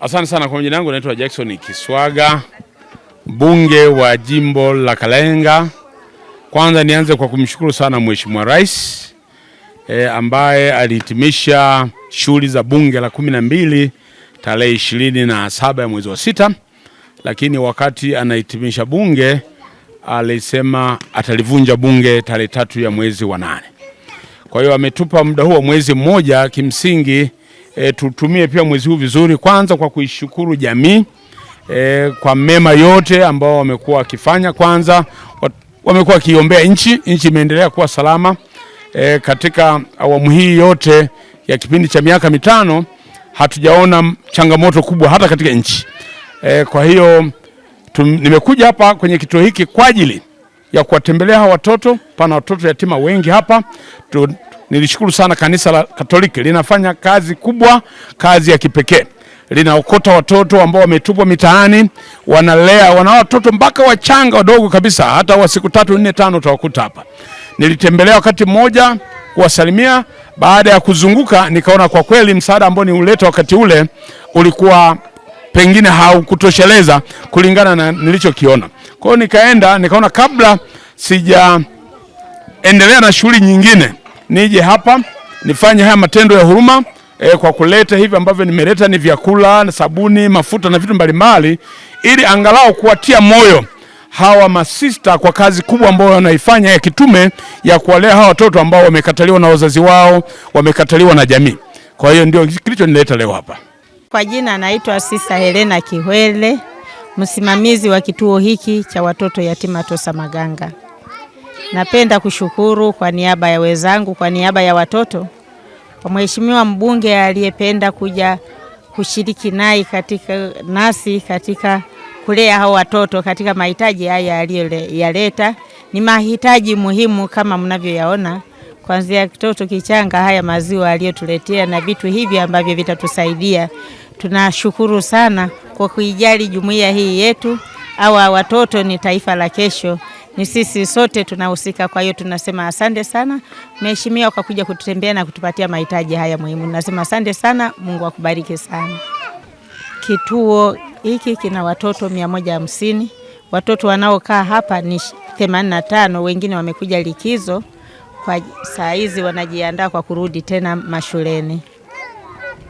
Asante sana kwa majina yangu, naitwa Jackson Kiswaga, mbunge wa jimbo la Kalenga. Kwanza nianze kwa kumshukuru sana Mheshimiwa Rais e, ambaye alihitimisha shughuli za bunge la kumi na mbili tarehe ishirini na saba ya mwezi wa sita, lakini wakati anahitimisha bunge alisema atalivunja bunge tarehe tatu ya mwezi wa nane. Kwa hiyo ametupa muda huo mwezi mmoja kimsingi e, tutumie pia mwezi huu vizuri, kwanza kwa kuishukuru jamii e, kwa mema yote ambao wamekuwa wakifanya. Kwanza wamekuwa wakiombea nchi, nchi imeendelea kuwa salama e, katika awamu hii yote ya kipindi cha miaka mitano hatujaona changamoto kubwa hata katika nchi e, kwa hiyo tum, nimekuja hapa kwenye kituo hiki kwa ajili ya kuwatembelea hawa watoto. Pana watoto yatima wengi hapa Nilishukuru sana kanisa la Katoliki linafanya kazi kubwa, kazi ya kipekee. Linaokota watoto ambao wametupwa mitaani, wanalea wana watoto mpaka wachanga wadogo kabisa, hata wa siku tatu nne tano utawakuta hapa. Nilitembelea wakati mmoja kuwasalimia, baada ya kuzunguka nikaona kwa kweli msaada ambao niuleta wakati ule ulikuwa pengine haukutosheleza kulingana na nilichokiona. Kwa hiyo nikaenda nikaona kabla sijaendelea na shughuli nyingine nije hapa nifanye haya matendo ya huruma e, kwa kuleta hivi ambavyo nimeleta ni vyakula, sabuni, mafuta na vitu mbalimbali, ili angalau kuwatia moyo hawa masista kwa kazi kubwa ambayo wanaifanya ya kitume ya kuwalea hawa watoto ambao wamekataliwa na wazazi wao, wamekataliwa na jamii. Kwa hiyo ndio kilichonileta leo hapa. Kwa jina naitwa Sista Helena kihwele msimamizi wa kituo hiki cha watoto yatima maganga Napenda kushukuru kwa niaba ya wenzangu, kwa niaba ya watoto, kwa mheshimiwa mbunge aliyependa kuja kushiriki naye katika nasi katika kulea hao watoto katika mahitaji haya aliyoyaleta. Ni mahitaji muhimu kama mnavyoyaona, kuanzia kitoto kichanga, haya maziwa aliyotuletea na vitu hivi ambavyo vitatusaidia. Tunashukuru sana kwa kuijali jumuiya hii yetu. Hawa watoto ni taifa la kesho ni sisi sote tunahusika. Kwa hiyo tunasema asante sana mheshimiwa kwa kuja kututembea na kutupatia mahitaji haya muhimu. Tunasema asante sana, Mungu akubariki sana. Kituo hiki kina watoto mia moja hamsini. Watoto wanaokaa hapa ni 85, wengine wamekuja likizo, kwa saa hizi wanajiandaa kwa kurudi tena mashuleni.